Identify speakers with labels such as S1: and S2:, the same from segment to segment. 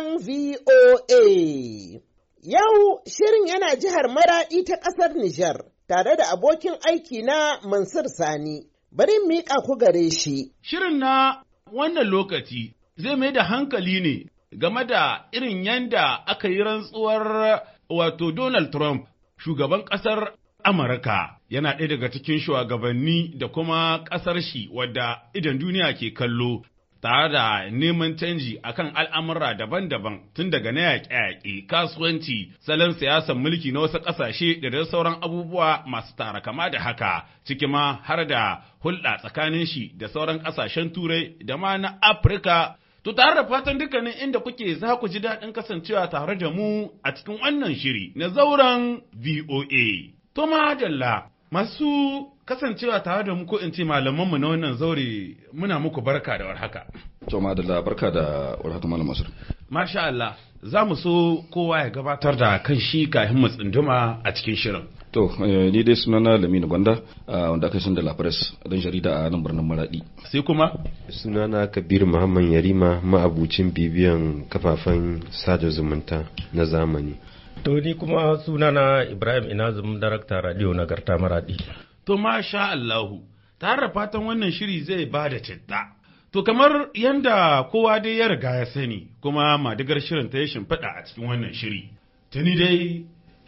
S1: Hausan VOA. Yau shirin yana jihar Maraɗi ta ƙasar Nijar tare da abokin aiki na Mansur Sani. Bari miƙa ku gare shi. Shirin na
S2: wannan lokaci zai mai da hankali ne game da irin yanda aka yi rantsuwar wato Donald Trump shugaban ƙasar Amurka yana ɗaya daga cikin shugabanni da kuma ƙasar shi wadda idan duniya ke kallo tare da neman canji a kan al'amura daban-daban tun daga na yaƙe-yaƙe kasuwanci salon siyasar mulki na wasu ƙasashe da da sauran abubuwa masu tara kama da haka ciki ma har da hulɗa tsakanin shi da sauran ƙasashen turai da ma na afirka To tare da fatan dukkanin inda kuke za ku ji daɗin kasancewa tare da mu a cikin wannan shiri na zauren
S3: VOA.
S2: To madalla masu kasancewa tare da mu ko in ce malamanmu na wannan zaure muna muku barka da warhaka.
S3: To madalla barka da warhaka malam Masar.
S2: Masha Allah za mu so kowa ya gabatar da kan shi kafin mu tsunduma a cikin shirin.
S3: To eh, ni dai sunana Lamini Gwanda ah, wanda aka san da La Press dan jarida a nan birnin Maradi. Sai kuma sunana Kabir Muhammad Yarima ma'abucin
S4: bibiyan kafafen sada zumunta na zamani.
S2: To ni kuma sunana Ibrahim Inazum darakta radio nagarta Maradi. To sha Allahu, tare fatan wannan shiri zai ba da citta. To kamar yanda kowa dai ya riga ya sani kuma madigar shirin ta ya shimfiɗa a cikin wannan shiri. Tani dai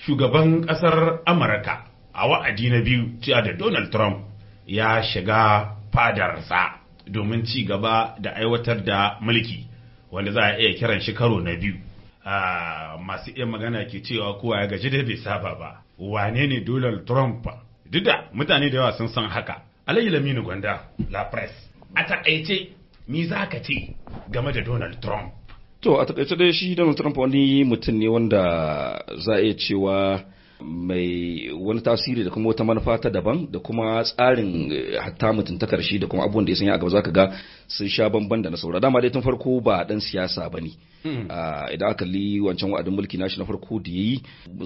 S2: shugaban ƙasar Amurka a wa'adi na biyu cewa da Donald Trump ya shiga fadarsa domin ci gaba da aiwatar da mulki wanda za a iya kiran shi karo na biyu. Ah, masu iya magana ke cewa kowa ya gaji da bai saba ba. Wane ne Donald Trump duk da mutane da yawa sun san haka alayi laminu gwanda la press a takaice ni za ka ce game da donald trump
S3: to a takaice dai shi donald trump wani mutum ne wanda za a iya cewa mai wani tasiri da kuma wata manufa ta daban da kuma tsarin eh, hatta mutuntakar shi da kuma abubuwan da ya sanya a gaba za ka ga sun sha bamban da na saura dama dai tun farko ba dan siyasa ba ne Hmm. Ah, idan aka li wancan wa'adin mulki nashi na farko da yayi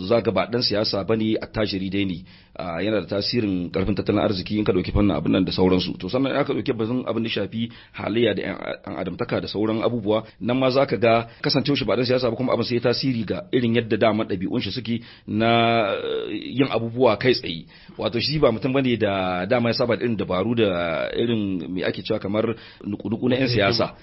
S3: za ga ba dan siyasa bane tashiri dai ne ah, yana da tasirin karfin tattalin arziki in ka dauki fannin abin nan da sauransu to sannan aka dauki bazin abin da shafi halayya da an adamtaka da sauran abubuwa nan ma za ka ga kasancewar shi ba dan siyasa ba kuma abin sai tasiri ga irin yadda dama ɗabi'un shi suke na eh, yin abubuwa kai tsaye wato shi ba mutum bane da dama ya saba da irin dabaru da irin me ake cewa kamar nuku na yan siyasa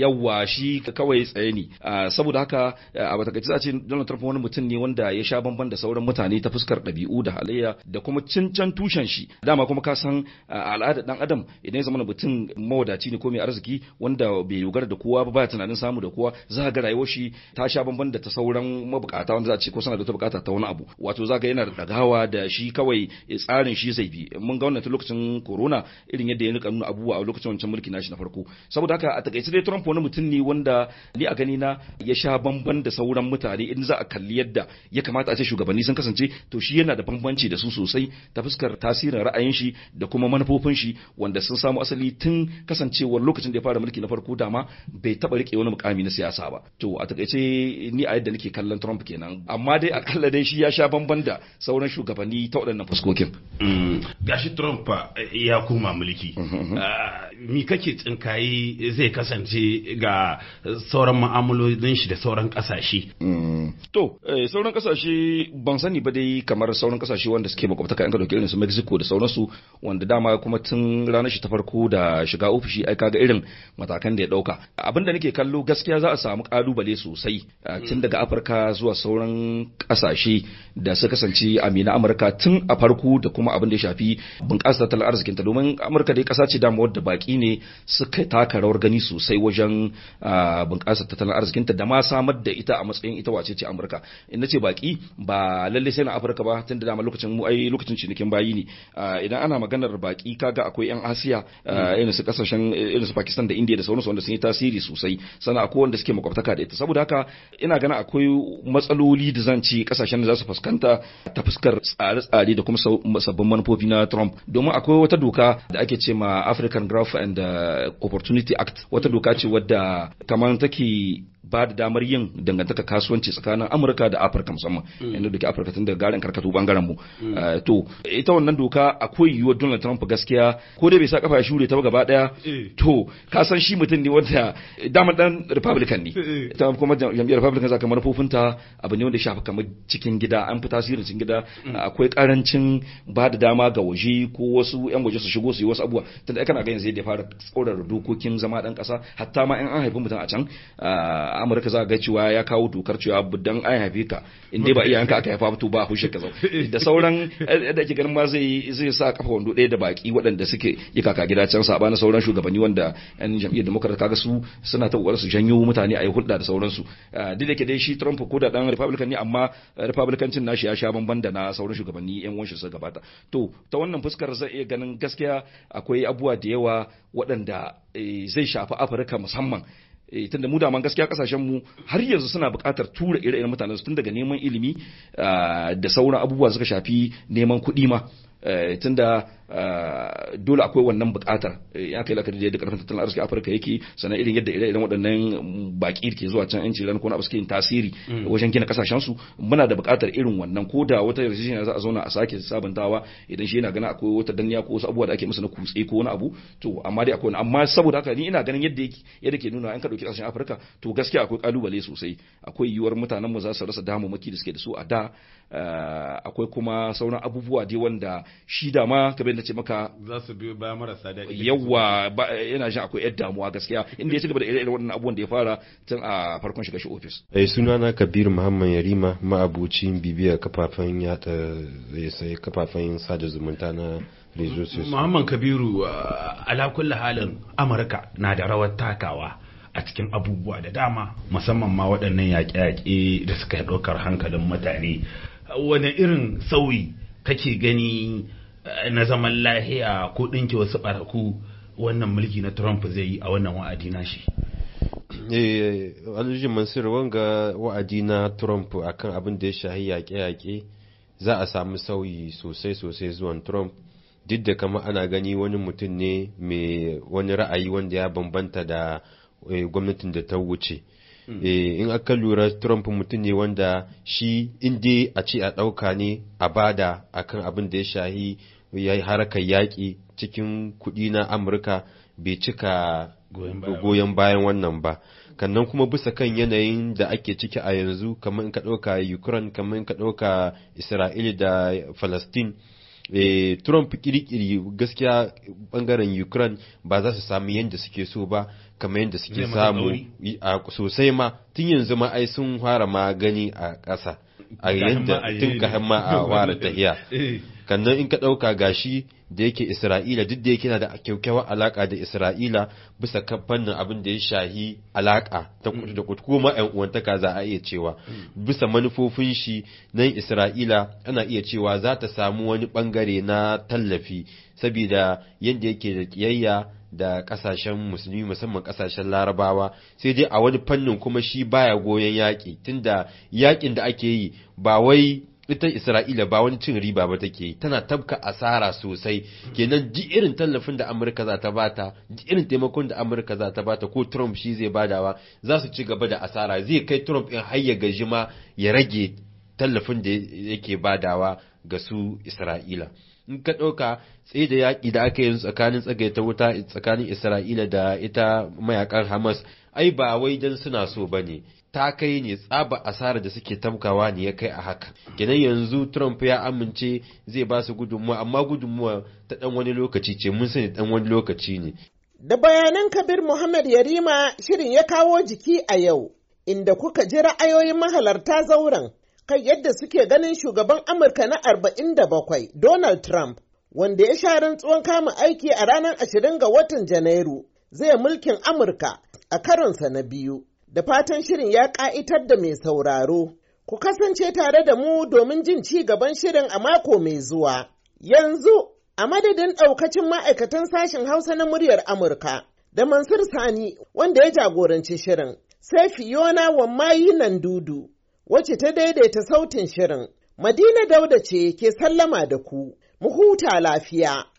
S3: yawa shi kawai tsaye ne Ah, saboda haka ah, a bata gaji a ce Donald Trump wani mutum ne wanda ya sha bamban da sauran mutane ta fuskar ɗabi'u da halayya da kuma cincan tushen shi dama kuma ka san ah, al'adar dan adam idan ya zama mutum mawadaci ne ko mai arziki wanda bai dogara da kowa ba ba tunanin samu da kowa za ga rayuwar shi ta sha bamban da ta sauran mabukata wanda za a ce ko sana da ta bukata ta wani abu wato za ga yana da dagawa da shi kawai eh, tsarin shi zai bi mun ga wannan lokacin corona irin yadda ya nuna abubuwa a lokacin wancan mulki nashi na farko saboda haka a takaice dai Trump wani mutum ne wanda ni a gani gani na ya sha bamban da sauran mutane in za a kalli yadda ya kamata a ce shugabanni sun kasance to shi yana da bambanci da su sosai ta fuskar tasirin ra'ayin shi da kuma manufofin shi wanda sun samu asali tun kasancewar lokacin da ya fara mulki na farko dama bai taba rike wani mukami na siyasa ba to a takaice ni a yadda nake kallon Trump kenan amma dai akalla dai shi ya sha bamban da sauran shugabanni ta waɗannan fuskokin mm,
S2: gashi Trump ya koma mulki mm-hmm, mm-hmm. Ah, mi kake tsinkayi zai kasance ga sauran ma'amalolin shi da sauran kasashe
S3: mm. to eh, sauran kasashe ban sani ba dai kamar sauran kasashe wanda suke makwabtaka yanka dauke irin su Mexico da sauransu wanda dama kuma tun ranar shi ta farko da shiga ofishi ai kaga irin matakan da ya dauka abinda nake kallo gaskiya za a samu kalubale sosai eh, tun daga Afirka zuwa sauran kasashe da suka kasance amina Amurka tun a farko da kuma abin da ya shafi bunƙasa tattalin arzikinta domin Amurka dai kasa ce dama wadda baki baki ne suka taka rawar gani sosai wajen ah, bunƙasar tattalin arzikinta da ma samar da ita a matsayin ita wace ce Amurka in ce baki ba lalle sai na Afirka ba tunda dama lokacin mu ai lokacin cinikin bayi ne ah, idan ana maganar baki kaga akwai yan Asiya ah, irin su kasashen irin su Pakistan da India da sauransu wanda sun yi tasiri sosai sannan akwai wanda suke makwabtaka da ita saboda haka ina gana akwai matsaloli da zan ci kasashen da za su fuskanta ta fuskar tsare-tsare da kuma sabbin manufofi na Trump domin akwai wata doka da ake ce ma African Graph and opportunity act wata doka ce wadda kamar take ba da damar yin dangantaka kasuwanci tsakanin amurka da afirka musamman mm. yadda da ke afirka tun daga garin karkatu bangaren mu mm. eh, to ita wannan doka akwai yiwuwar donald trump gaskiya ko dai bai sa kafa shi ta gaba daya eh. to ka san shi mutum ne wanda damar dan republican ne eh, ita kuma jam'iyyar republican za ka manufofinta abu ne wanda ya shafi kamar cikin gida an fi tasirin cikin gida mm. akwai karancin ba da dama ga waje ko wasu yan waje su shigo su yi wasu abubuwa tunda kana ga yanzu ya fara tsorar dokokin zama dan kasa hatta ma in an haifi mutum a can ah, amurka za ga cewa ya kawo dokar cewa budan an haife ka in dai ba iyayenka aka haifa to ba hushe ka zau da sauran eh, eh, da ke ganin ma zai zai sa kafa wando ɗaya da baki waɗanda suke yi kaka gida can sabanin sauran shugabanni wanda yan jam'iyyar demokrat kaga su suna ta kokarin su janyo mutane a yi hulɗa da sauransu eh, duk da ke dai shi trump ko da dan republican ne amma republicancin nashi ya sha bamban da na sauran shugabanni yan wanshi su gabata to ta wannan fuskar zai iya ganin gaskiya akwai abubuwa da yawa waɗanda zai shafi afirka musamman Eh, tunda mu daman gaskiya kasashen mu har yanzu suna buƙatar tura ire-iren mutanen tun daga neman ilimi ah, da sauran abubuwa suka shafi neman kuɗi ma eh, tunda dole akwai wannan bukatar ya eh, kai laka da yadda karfin tattalin arziki Afirka yake sannan irin yadda ire-iren waɗannan mm, baki ke zuwa can yanci ran ko suke yin tasiri mm. wajen gina kasashen su muna da bukatar irin wannan ko da wata yarjejeniya za a zauna a sake sabantawa idan shi yana gana akwai wata danniya ko wasu abubuwa da ake masa na kutse ko wani abu to amma dai akwai amma saboda haka ni ina ganin yadda yadda ke nuna an ka dauki kasashen Afirka to gaskiya akwai kalubale sosai akwai yiwuwar mutanen mu za su rasa damammaki da suke da su a da eh, akwai kuma sauran abubuwa dai wanda shi da ma kamar na ce maka
S2: za su biyo baya marasa
S3: daɗi yawa yana jin akwai yar damuwa gaskiya inda ya ci gaba da irin wannan abubuwan da ya fara tun a farkon shiga shi ofis
S4: eh sunana Kabir Muhammad Yarima ma'abucin bibiyar kafafen yada eh, sai kafafen sada zumunta na
S3: Muhammad Kabiru
S2: ah, ala kulli halin Amurka na da rawar takawa a cikin abubuwa da dama musamman ma waɗannan yaƙe-yaƙe da suka ɗaukar hankalin mutane Wani irin sauyi kake gani na zaman lahiya ko ɗinke wasu baraku wannan mulki na Trump zai yi a wannan wa'adi na shi.
S4: Eh, eh, eh, Alhaji Mansur wanga wa'adi na Trump akan abin da ya shahi yaƙe-yaƙe za a samu sauyi sosai-sosai zuwan Trump duk da kama ana gani wani mutum ne mai wani ra'ayi wanda ya bambanta da gwamnatin da ta wuce. Eh, in aka lura Trump mutum ne wanda shi inda a ce a ɗauka ne a bada akan abin da ya shahi ya harakar yaƙi cikin kuɗi na Amurka bai cika goyon bayan wannan ba. kannan kuma bisa kan yanayin da ake ciki a yanzu kamar in ka ɗauka Ukraine kamar in ka ɗauka Isra'ila da falastin Trump eh, trump kirikiri gaskiya bangaren ukraine ba za su samu yadda suke so ba kamar yadda suke samu sosai ma tun yanzu ma ai sun fara magani a ƙasa a yadda tun ka ma a fara tahiya eh. kannan in ka ɗauka gashi da yake Isra'ila duk da yake na da kyakkyawar alaka da Isra'ila bisa fannin abin da ya shahi alaka ta mm. kudu da kudu kuma 'yan uwantaka za a iya cewa mm. bisa manufofin shi na Isra'ila ana iya cewa za ta samu wani bangare na tallafi saboda yadda yake da kiyayya da kasashen musulmi musamman kasashen larabawa sai dai a wani fannin kuma shi baya goyon yaƙi tunda yaƙin da ake yi ba wai ita Isra'ila ba wani cin riba ba take tana tabka asara sosai kenan ji irin tallafin da Amurka za ta bata ji irin taimakon da Amurka za ta bata ko Trump shi zai badawa za su ci gaba da asara zai kai Trump in har ya gaji ma ya rage tallafin da yake badawa ga su Isra'ila in ka ɗauka tsaye da yaƙi da aka yi tsakanin tsagaita wuta tsakanin Isra'ila da ita mayakan Hamas ai ba wai dan suna so ba ne. ta kai ne tsaba asara da suke tamkawa ne ya kai a haka kenan yanzu trump ya amince zai ba su gudunmuwa amma gudunmuwa ta dan wani lokaci ce mun sani dan wani lokaci ne
S1: da bayanan kabir muhammad yarima shirin ya kawo jiki a yau inda kuka ji ra'ayoyin mahalarta zauren kai yadda suke ganin shugaban amurka na 47 donald trump wanda ya sha rantsuwan kama aiki a ranar 20 ga watan janairu zai mulkin amurka a karonsa na biyu da fatan shirin ya ƙa'itar da mai sauraro. Ku kasance tare da mu domin jin ci gaban shirin a mako mai zuwa. Yanzu, a madadin ɗaukacin ma'aikatan sashen Hausa na muryar Amurka, da Mansur Sani wanda ya jagoranci shirin, sai Fiona Wammayi nan dudu, wacce ta daidaita sautin shirin. Madina Dauda ce ke sallama da ku, mu huta lafiya.